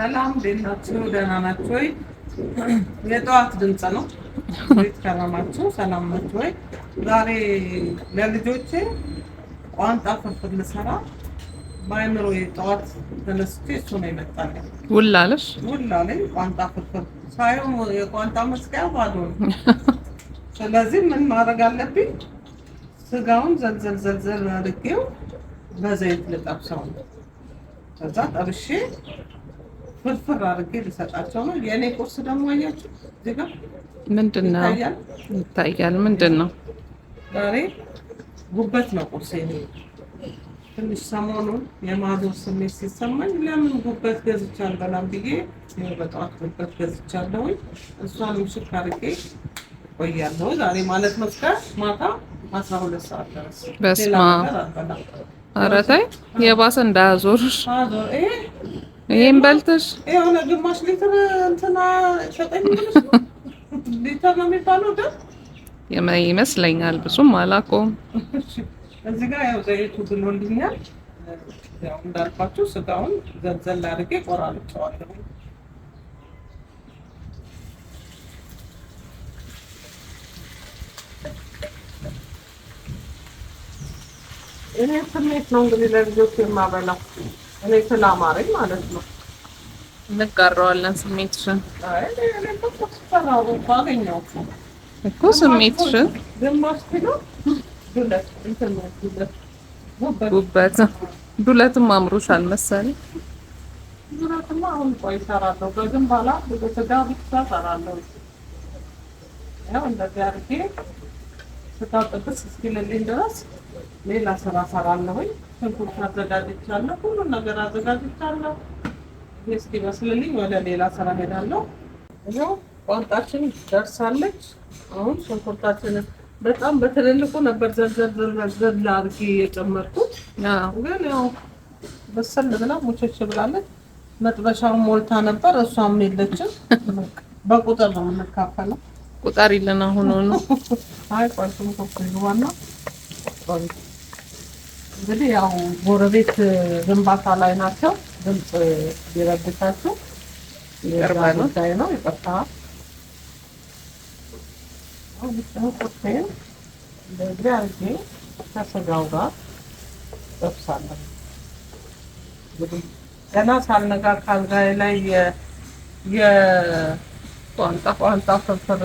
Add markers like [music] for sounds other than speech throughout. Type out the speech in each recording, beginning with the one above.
ሰላም ቤታችሁ ደህና ናችሁ ወይ? የጠዋት ድምፅ ነው። ቤት ከረማችሁ ሰላም ናችሁ ወይ? ዛሬ ለልጆቼ ቋንጣ ፍርፍር ልሰራ በአይምሮ ጠዋት ተነስቼ እሱ ነው ይመጣልኝ። ውል አለሽ? ውል አለኝ። ቋንጣ ፍርፍር ሳይሆን የቋንጣ መስቀያ ባዶ ነው። ስለዚህ ምን ማድረግ አለብኝ? ስጋውን ዘልዘል ዘልዘል አድርጌው በዘይት ልጠብሰው ነው። ከዛ ጠብሼ ፍርፍር አድርጌ ልሰጣቸው ነው። የእኔ ቁርስ ደግሞ አያችሁ እዚህ ጋር ምንድን ነው ይታያል። ምንድን ነው ዛሬ ጉበት ነው ቁርስ። ትንሽ ሰሞኑን የማዞር ስሜት ሲሰማኝ ለምን ጉበት ገዝቻል በላም ብዬ በጠዋት ጉበት ገዝቻለሁኝ። እሷንም ሽክ አድርጌ ቆያለሁ ዛሬ ማለት ነው ማታ አስራ ሁለት ሰዓት ድረስ በስመ አብ የባሰ እንዳያዞርሽ ይሄን በልተሽ የሆነ ግማሽ ሊትር እንትና ሸጠኝ ብለሽ ሊትር ነው የሚባለው ይመስለኛል። ብዙም አላውቀውም። እዚህ ጋር ያው ዘይቱ ብሎልኛል። ያው እንዳልኳችሁ ስጋውን ዘልዘል አድርጌ ቆራርጬዋለሁ። እኔ ስሜት ነው እንግዲህ ለልጆች የማበላው እኔ ስላማረኝ ማለት ነው። እንጋራዋለን ስሜትሽን ባገኘው እኮ ስሜትሽን ጉበት ዱለትም አምሮሻል መሰለኝ። ዱለትማ አሁን ቆይ እሰራለሁ፣ በግን ባላ ስጋ ብቻ እሰራለሁ። ያው እንደዚህ አድርጌ ስጋ እስኪልልኝ ድረስ ሌላ ስራ እሰራለሁኝ። ሽንኩርት አዘጋጅቻለሁ። ሁሉን ነገር አዘጋጅቻለሁ። እስኪበስልልኝ ወደ ሌላ ስራ ሄዳለሁ። ይኸው ቋንጣችን ደርሳለች። አሁን ሽንኩርታችንን በጣም በትልልቁ ነበር ዘርዘርዘርዘር አድርጌ የጨመርኩት፣ ግን ያው በሰል ብላ ሙቾች ብላለች። መጥበሻውን ሞልታ ነበር፣ እሷም የለችም። በቁጥር ነው የምንካፈለው። ቁጠሪልን። አሁን ሆኖ አይ ቆይ ሽንኩርት ዋና እንግዲህ ያው ጎረቤት ግንባታ ላይ ናቸው። ድምፅ ቢረብታችሁ ጉዳይ ነው። ይቅርታ ቁርሴን እንደዚህ አድርጌ ከስጋው ጋር ጠብሳለሁ። ገና ሳልነጋ ካልጋዬ ላይ የቋንጣ ቋንጣ ፍርፍር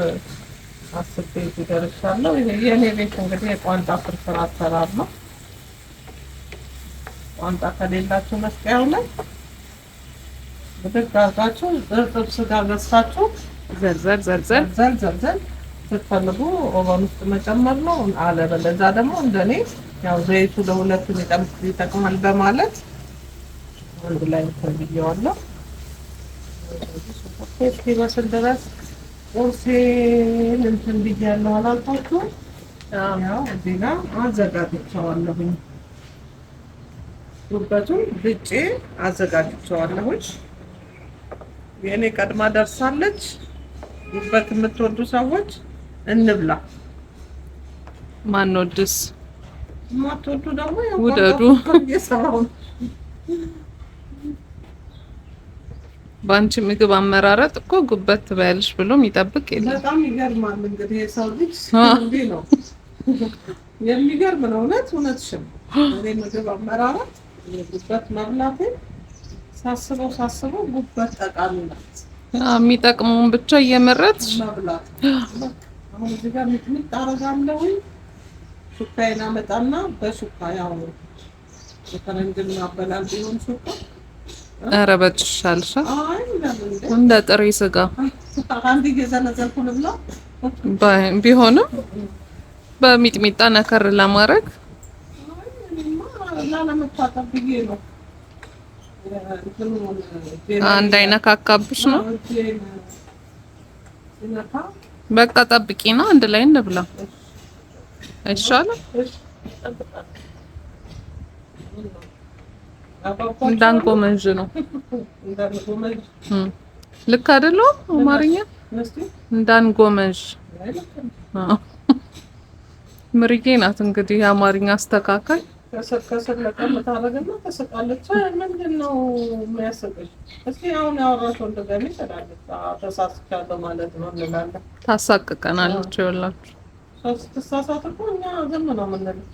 አስቤ ይደርሻለሁ። ይሄ የእኔ ቤት እንግዲህ የቋንጣ ፍርፍር አሰራር ነው። ቋንጣ ከሌላችሁ መስቀያው ላይ ብድግ አርጋችሁ ስጋ ገዝታችሁ ዘርዘር ዘርዘር ዘርዘር ስትፈልጉ ኦቨን ውስጥ መጨመር ነው። አለበለዚያ ደግሞ እንደኔ ያው ዘይቱ ለሁለቱ ይጠቅማል በማለት አንድ ላይ ተብየዋለሁ። እስኪበስል ድረስ ቁርሴን እንትን ብያለሁ አላልኳችሁም? ያው እዚህ ጋር አዘጋጅቼዋለሁኝ። ጉበቱን ብጬ አዘጋጅቸዋለሁች። የእኔ ቀድማ ደርሳለች። ጉበት የምትወዱ ሰዎች እንብላ። ማንወድስ ማትወዱ ደግሞ ውደዱ። በአንቺ ምግብ አመራረጥ እኮ ጉበት ትበያለሽ ብሎ የሚጠብቅ የለም። በጣም ይገርማል። እንግዲህ የሰው ልጅ እንዲህ ነው። የሚገርም ነው። እውነት እውነትሽን እኔ ምግብ አመራረጥ ጉበት መብላትን ሳስበው ሳስበው ጉበት ጠቃሚ ናት። የሚጠቅመውን ብቻ እየመረጥ መብላት። አሁን እዚህ ጋር ሚጥሚጥ አመጣና ያው ቢሆን ኧረ እንደ ጥሬ ስጋ ቢሆንም በሚጥሚጣ ነከር ለማድረግ ላለመታጠብ ብዬ ነው። ነው። በቃ ጠብቂ ነው። አንድ ላይ እንብላ አይሻልም? ነው። ልክ አደለ አማርኛ መንዥ ምርጌ ናት እንግዲህ የአማርኛ አስተካካይ ከሰል ለቀምታረግና ተስቃለች። ምንድን ነው የሚያስቅሽ? እስኪ አሁን ያወራሽው እንደገና ይሰላለች። ተሳስቻለሁ ማለት ነው እንላለን። ታሳቅቀናለች። ይኸውላችሁ ስትሳሳት እኮ እኛ ዝም ነው የምንለው።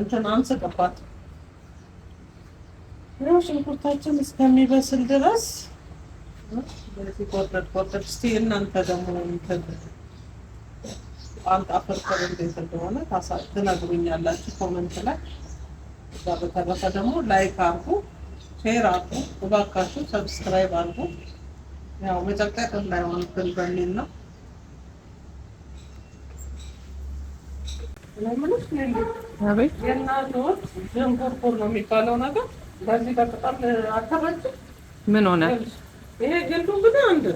እንትን አንስቅባት። ያው ሽንኩርታችን እስከሚበስል ድረስ ቆርጠድ ቆርጠድ። እስኪ እናንተ ደግሞ ቋንቋ ፍርፍር እንዴት እንደሆነ ትነግሩኛላችሁ ኮመንት ላይ። እዛ በተረፈ ደግሞ ላይክ አርጉ፣ ሼር አርጉ፣ እባካችሁ ሰብስክራይብ አርጉ። ያው መጨቅጨቅ እንዳይሆንብን በሚል ነው። ነው የሚባለው ነገር በዚህ በቅጠል ምን ሆነ ይሄ ግንዱ ግን አንድ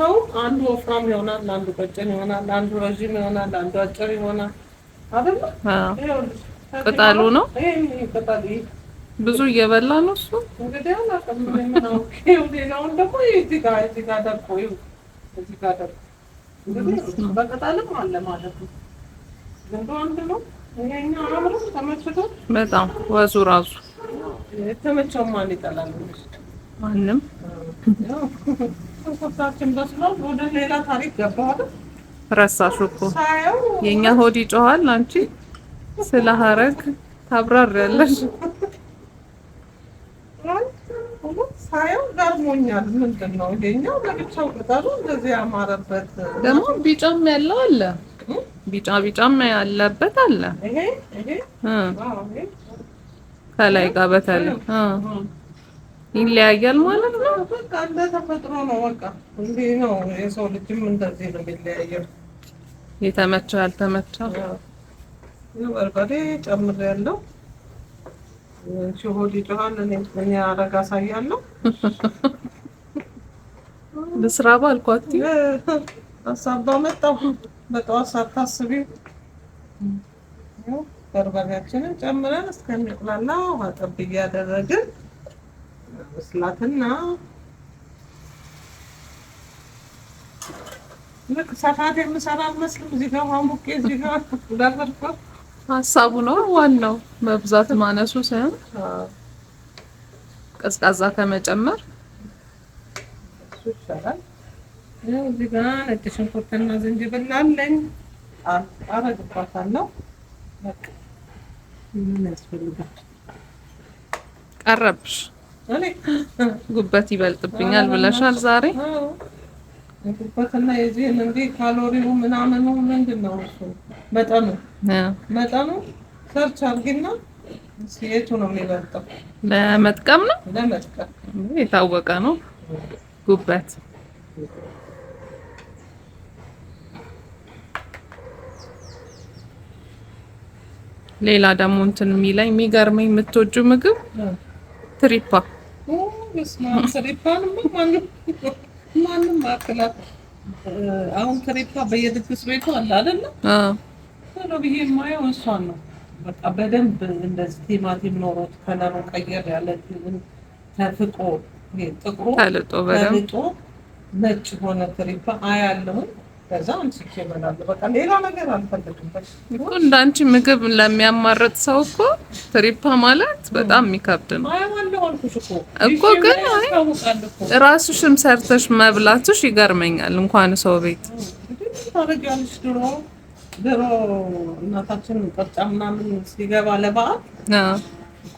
ሰው አንዱ ወፍራም ይሆናል፣ አንዱ ቀጭን ይሆናል፣ አንዱ ረዥም ይሆናል፣ አንዱ አጭር ይሆናል። አይደለ? አዎ። ቅጠሉ ነው ብዙ እየበላ ነው እሱ። እንግዲህ ሌላውን ደግሞ እዚህ ጋር እዚህ ጋር ደርቆ እዚህ ጋር ደርቆ ነው። ነው። በጣም ወዙ ራሱ የተመቸውማ ይጠላል ማንም ሽንኩርታችን በስሎ ወደ ሌላ ታሪክ ገባሁ። ረሳሽ እኮ የኛ ሆድ ይጮሃል። አንቺ ስለ ሀረግ ታብራሪያለሽ። ደግሞ ቢጫም ያለው አለ፣ ቢጫ ቢጫም ያለበት አለ። ከላይ ጋር በተለይ ይለያያል ማለት ነው። በቃ እንደ ተፈጥሮ ነው። በቃ እንዲህ ነው። የሰው ልጅም እንደዚህ ነው የሚለያየው። የተመቸው ያልተመቸው በርበሬ ጨምሬያለሁ። ሽሆድ ይጮሃል። እኔ አረግ አሳያለሁ። ልስራ [laughs] ባልኳት አሳባ [laughs] መጣሁ። በጠዋት ሳታስቢ በርበሬያችንን ጨምረን እስከሚቁላላ ዋጠብ እያደረግን እናበስላትና ልክ ሰፋት የምሰራ አልመስልም። እዚህ ጋር እዚህ ጋር ሀሳቡ ነው ዋናው፣ መብዛት ማነሱ ሳይሆን ቀዝቃዛ ከመጨመር ይሻላል። እዚህ ነጭ ሽንኩርትና ዝንጅብል አለኝ አረግባታለሁ። ምን ያስፈልጋል? ቀረብሽ ጉበት ይበልጥብኛል ብለሻል ዛሬ። ጉበትና የዚህ እንግዲህ ካሎሪው ምናምኑ ምንድን ነው እሱ መጠኑ መጠኑ ሰርች አድርጊና የቱ ነው የሚበልጠው? ለመጥቀም ነው ለመጥቀም የታወቀ ነው ጉበት ሌላ ደግሞ እንትን የሚለኝ የሚገርመኝ የምትወጁ ምግብ ትሪፓ ማንም አሁን ከሬፓ በየድግስ ቤቱ አለ አይደለ? ቶሎ ብዬ የማየው እሷን ነው። በቃ በደንብ እንደዚህ ቲማቲም ኖሮት ከለሩ ቀየር ያለ ተፍቆ ጥቁሩ ተልጦ ነጭ ሆነ ትሪፓ አያለሁኝ። እንዳንቺ ምግብ ለሚያማርጥ ሰው እኮ ትሪፓ ማለት በጣም የሚከብድ ነው እኮ። ግን ራሱሽም ሰርተሽ መብላትሽ ይገርመኛል። እንኳን ሰው ቤት ድሮ እናታችን ቅርጫ ምናምን ሲገባ ለበዓል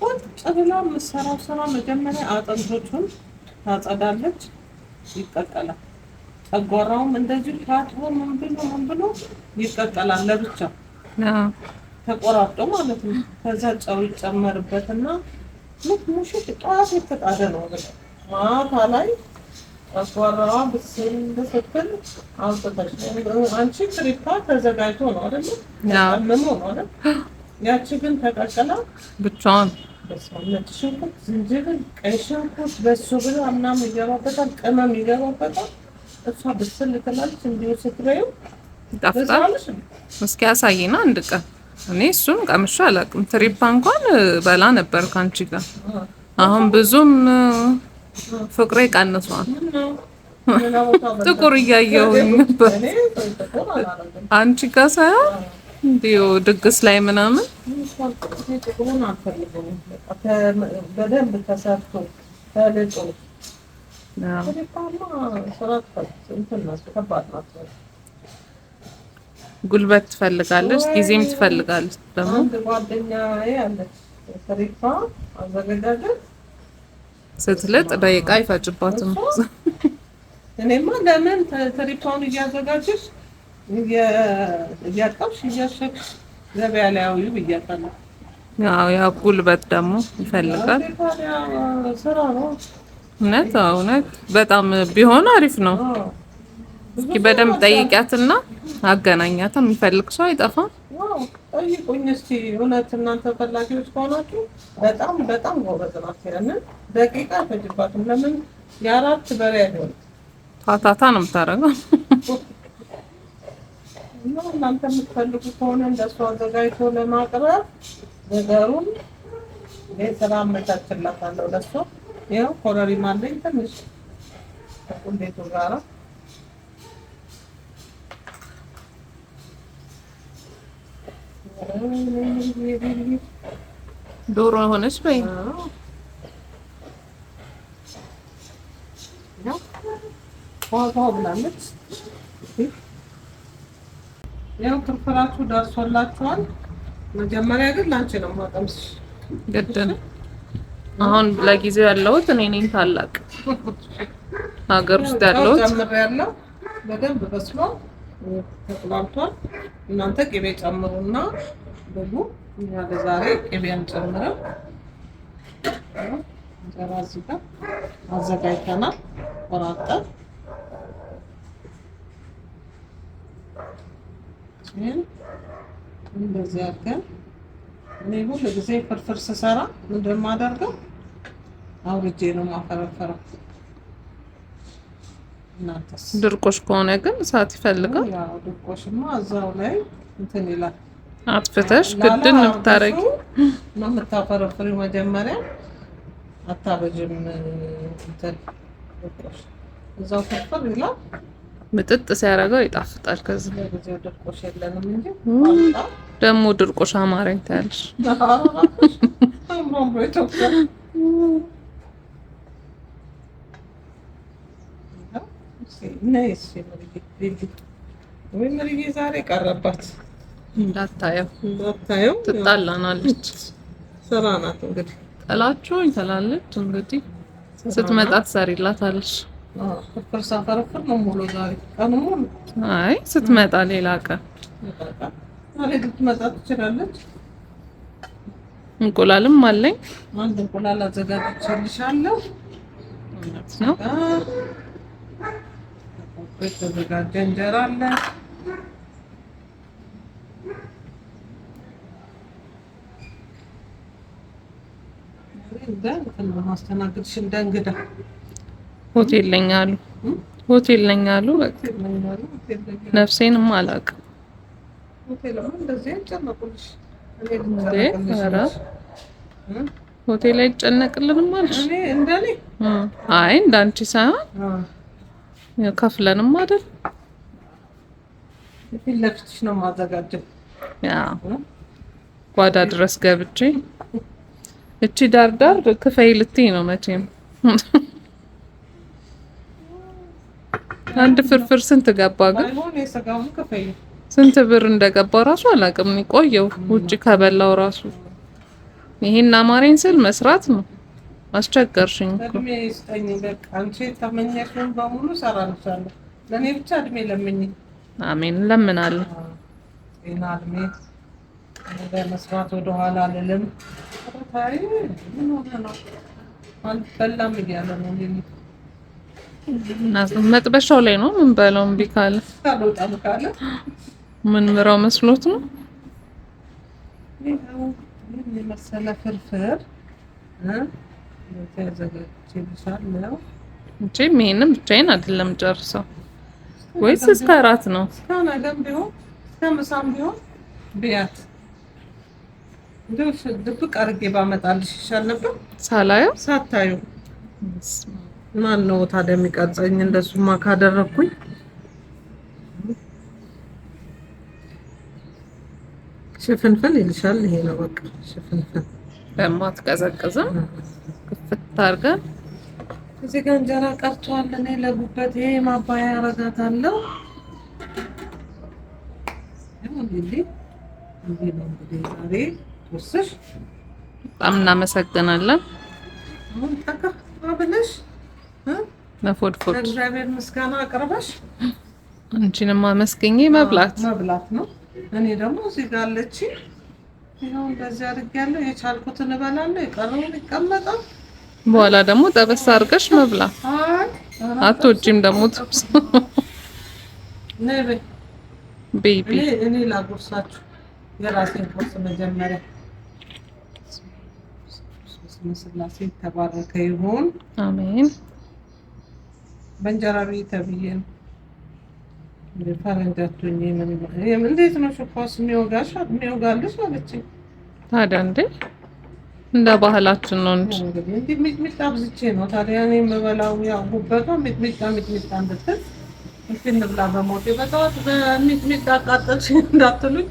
ቁጭ ብላ የምትሰራው ስራ መጀመሪያ አጥንቶቹን ታጸዳለች፣ ይቀቀላል ጨጓራውም እንደዚሁ ታጥቦ ምን ብሎ ምን ብሎ ይቀቀላል ለብቻ ተቆራርጦ ማለት ነው። ከዛ ጨው ይጨመርበትና ልክ ሙሽት ጧት የተጣደ ነው ብለ ማታ ላይ ጨጓራዋ ብስል ስትል አውጥተሽ አንቺ ትሪፓ ተዘጋጅቶ ነው አደለ? ምኖ ነው አይደል? ያቺ ግን ተቀቀላ ብቻዋን ነጭ ሽንኩርት፣ ዝንጅብል፣ ቀይ ሽንኩርት በሱ ብላ ምናምን ይገባበታል፣ ቅመም ይገባበታል። እሷ ብስል ትላለች። እንዲሁ ስትበይው ይጣፍጣል። እስኪ ያሳይና አንድ ቀን እኔ እሱን ቀምሼ አላውቅም። ትሪፓ እንኳን በላ ነበር ከአንቺ ጋር። አሁን ብዙም ፍቅሬ ቀንሷል። ጥቁር እያየሁኝ ነበር አንቺ ጋር ሳያ እንዲሁ ድግስ ላይ ምናምን ጥቁሩን አልፈልግም። በደንብ ተሰርቶ ተልጦ ጉልበት ትፈልጋለች፣ ጊዜም ትፈልጋለች። ደግሞ ስትልጥ ደቂቃ አይፈጭባትም። እኔማ ለምን ትሪፓውን እያዘጋጀሽ እያጣብሽ እያሸግሽ ገበያ ላይ አውዩ ብያታለሁ። ያው ጉልበት ደግሞ ይፈልጋል ስራ ነው። እውነት እውነት በጣም ቢሆን አሪፍ ነው። እስኪ በደንብ ጠይቂያትና አገናኛት። የሚፈልግ ሰው አይጠፋም። ጠይቁኝ እስኪ እውነት እናንተ ፈላጊዎች ከሆናችሁ በጣም በጣም ጎበዝ ናት። ያንን ደቂቃ ፈጅባትም። ለምን የአራት በሬ አይሆንም ታታታ ነው የምታደርገው። እናንተ የምትፈልጉ ከሆነ እንደሱ አዘጋጅቶ ለማቅረብ ነገሩን የስራ አመቻችላታለሁ ለእሷ ይኸው ኮረሪማ አለኝ ትንሽ ቁንዴቱ ጋራ ዶሮ ሆነች በይ ብላለች። ያው ክርፍራችሁ ደርሶላችኋል። መጀመሪያ ግን ላንቺ ነው ማቀምስ ገደነ አሁን ለጊዜው ያለሁት እኔ ነኝ ታላቅ ሀገር ውስጥ ያለሁት ያለው በደንብ በስሎ ተቁላልቷል። እናንተ ቅቤ ጨምሩና ብሉ። እኛ ለዛሬ ቅቤ አንጨምርም። እንጀራ እዚህ ጋር አዘጋጅተናል ቆራርጠን ይህን እንደዚህ አድርገን እኔ ሁሉ ጊዜ ፍርፍር ስሰራ ምንድን የማደርገው አውርጄ ነው ማፈረፈረው። ድርቆሽ ከሆነ ግን እሳት ይፈልጋል። ድርቆሽማ እዛው ላይ እንትን ይላል። አጥፍተሽ ግድን ነው የምታረጊ የምታፈረፍሪ መጀመሪያ አታበጅም። እንትን ድርቆሽ እዛው ፍርፍር ይላል። ምጥጥ ሲያደርገው ይጣፍጣል። ከዚህ ድርቆሽ የለንም ደግሞ ድርቆሽ አማረኝ ታያለሽ። ምርዬ ዛሬ ቀረባት። እንዳታየው እንዳታየው ትጣላናለች። ስራ ናት እንግዲህ ጥላችሁኝ ትላለች። እንግዲህ ስትመጣ ትሰሪላታለች። ፍርፍር ሳፈረፍር ነው ሙሉ ዛሬ ቀን ሙሉ። አይ ስትመጣ ሌላ ቀን ዛሬ ትችላለች። እንቁላልም አለኝ። አንድ እንቁላል አዘጋጅቼልሻለሁ ነው የተዘጋጀ እንጀራ አለ። ማስተናገድሽ እንደ እንግዳ ሆቴል ለኛ አሉ ሆቴል ለኛ አሉ። በቃ ነፍሴንም አላውቅም። ሆቴል አይጨነቅልንም አልሽ? አይ እንዳንቺ ሳይሆን ከፍለንም አይደል ፊት ለፊትሽ ነው ማዘጋጀው። ጓዳ ድረስ ገብቼ እቺ ዳር ክፈይ ልትይ ነው መቼም። አንድ ፍርፍር ስንት ገባ ግን? ስንት ብር እንደገባ ራሱ አላውቅም። ቆየው ውጭ ከበላው ራሱ ይሄን አማረኝ ስል መስራት ነው። አስቸገርሽኝ። እድሜ ስጠኝ በቃ አንቺ የተመኘሽውን በሙሉ እሰራልሻለሁ። ለእኔ ብቻ እድሜ ለምኝ። አሜን እለምናለሁ። ጤና፣ እድሜ መስራት ወደኋላ አልልም። ታይ ምን ሆነ ነው አልበላም እያለ ነው መጥበሻው ላይ ነው ምን በለው እምቢ ካለ ምን ምራው መስሎት ነው የመሰለ ፍርፍር እንጂም ይሄንን ብቻዬን አይደለም ጨርሰው ወይስ እስከ አራት ነው? እስከ ነገም ቢሆን እስከ ምሳም ቢሆን ብያት እንደው ድብቅ አድርጌ ባመጣልሽ ይሻል ነበር። ሳላየው ሳታዩ ማን ነው ታዲያ የሚቀጸኝ? እንደሱማ ካደረግኩኝ ሽፍንፍን ይልሻል። ይሄ ነው በቃ ሽፍንፍን በማትቀዘቅዝም ክፍት አድርገን እዚህ ጋር እንጀራ ቀርቷል። እኔ ለጉበት ይሄ ማባያ አለው። በጣም እናመሰግናለን። ብለሽ እግዚአብሔር ምስጋና አቅርበሽ አንቺንም አመስገኝ መብላት መብላት ነው። እኔ ደግሞ እዚህ ጋር አለችኝ ይኸው እንደዚህ አድርጊያለሁ። የቻልኩትን እበላለሁ፣ የቀረውን ይቀመጣል። በኋላ ደግሞ ጠበሳ አድርገሽ መብላ አትወጪም። ደግሞ ጥብስ ቤቢ እኔ ላጎርሳችሁ የራሴን ቁርስ መጀመሪያ ስላሴ የተባረከ ይሁን አሜን። በእንጀራ ቤት ተብዬ ነው ፈረንጃቱኝ እንዴት ነው ሽኳስ የሚወጋሽ? የሚወጋልሽ አለችኝ። ታዲያ እንዴ እንደ ባህላችን ነው እንጂ እንግዲህ ሚጥሚጣ አብዝቼ ነው ታዲያ እኔ የምበላው። ያው ጉበቷ ሚጥሚጣ ሚጥሚጣ እንድትል እንብላ በሞቴ በጠዋት በሚጥሚጣ አቃጠልሽ እንዳትሉኝ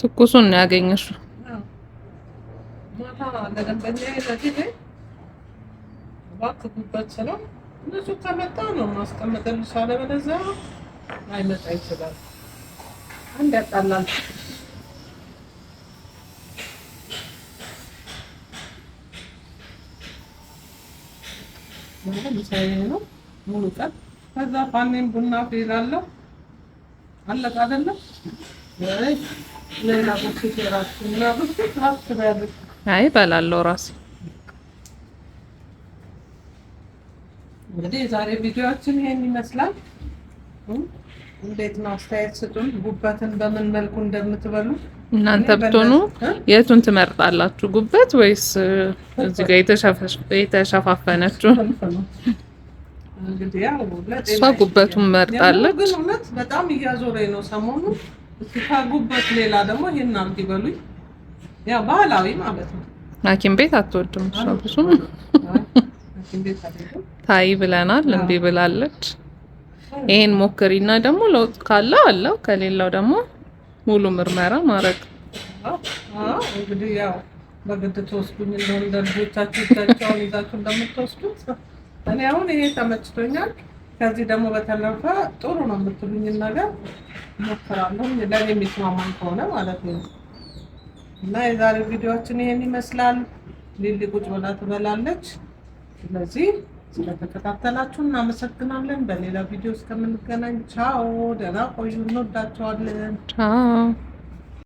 ትኩሱን ነው ያገኘሽው። ልጁ ከመጣ ነው ማስቀመጥልሽ፣ አለበለዚያ አይመጣ ይችላል። አንድ ያጣላል። ምሳዬ ነው ሙሉ ቀን። ከዛ ፋኔን ቡና ፌላለሁ። አለቅ አይደለም አይ እበላለሁ ራሴ። እንግዲህ የዛሬ ቪዲዮችን ይሄን ይመስላል። እንዴት ነው? አስተያየት ስጡን። ጉበትን በምን መልኩ እንደምትበሉ እናንተ ብትሆኑ የቱን ትመርጣላችሁ? ጉበት ወይስ እዚህ ጋር የተሸፋፈነችው? እሷ ጉበቱን መርጣለች። ግን በጣም እያዞረኝ ነው ሰሞኑን ሲታጉበት፣ ሌላ ደግሞ ይሄን አርግ ይበሉኝ። ያ ባህላዊ ማለት ነው። ሐኪም ቤት አትወድም እሷ ብዙም ታይ ብለናል፣ እምቢ ብላለች። ይሄን ሞክሪና ደግሞ ለውጥ ካለው አለው ከሌላው ደግሞ ሙሉ ምርመራ ማድረግ እንግዲህ ያው በግድ ተወስዱኝ ልጆቻችሁ እጃቸውን ይዛችሁ እንደምትወስዱት እኔ አሁን ይሄ ተመችቶኛል። ከዚህ ደግሞ በተለፈ ጥሩ ነው የምትሉኝን ነገር ሞክራለሁ፣ ለእኔ የሚስማማኝ ከሆነ ማለት ነው። እና የዛሬ ቪዲዮችን ይሄን ይመስላል። ሊሊ ቁጭ ብላ ትበላለች። ስለዚህ ስለተከታተላችሁ እናመሰግናለን። በሌላ ቪዲዮ እስከምንገናኝ ቻው፣ ደህና ቆዩ። እንወዳቸዋለን። ቻው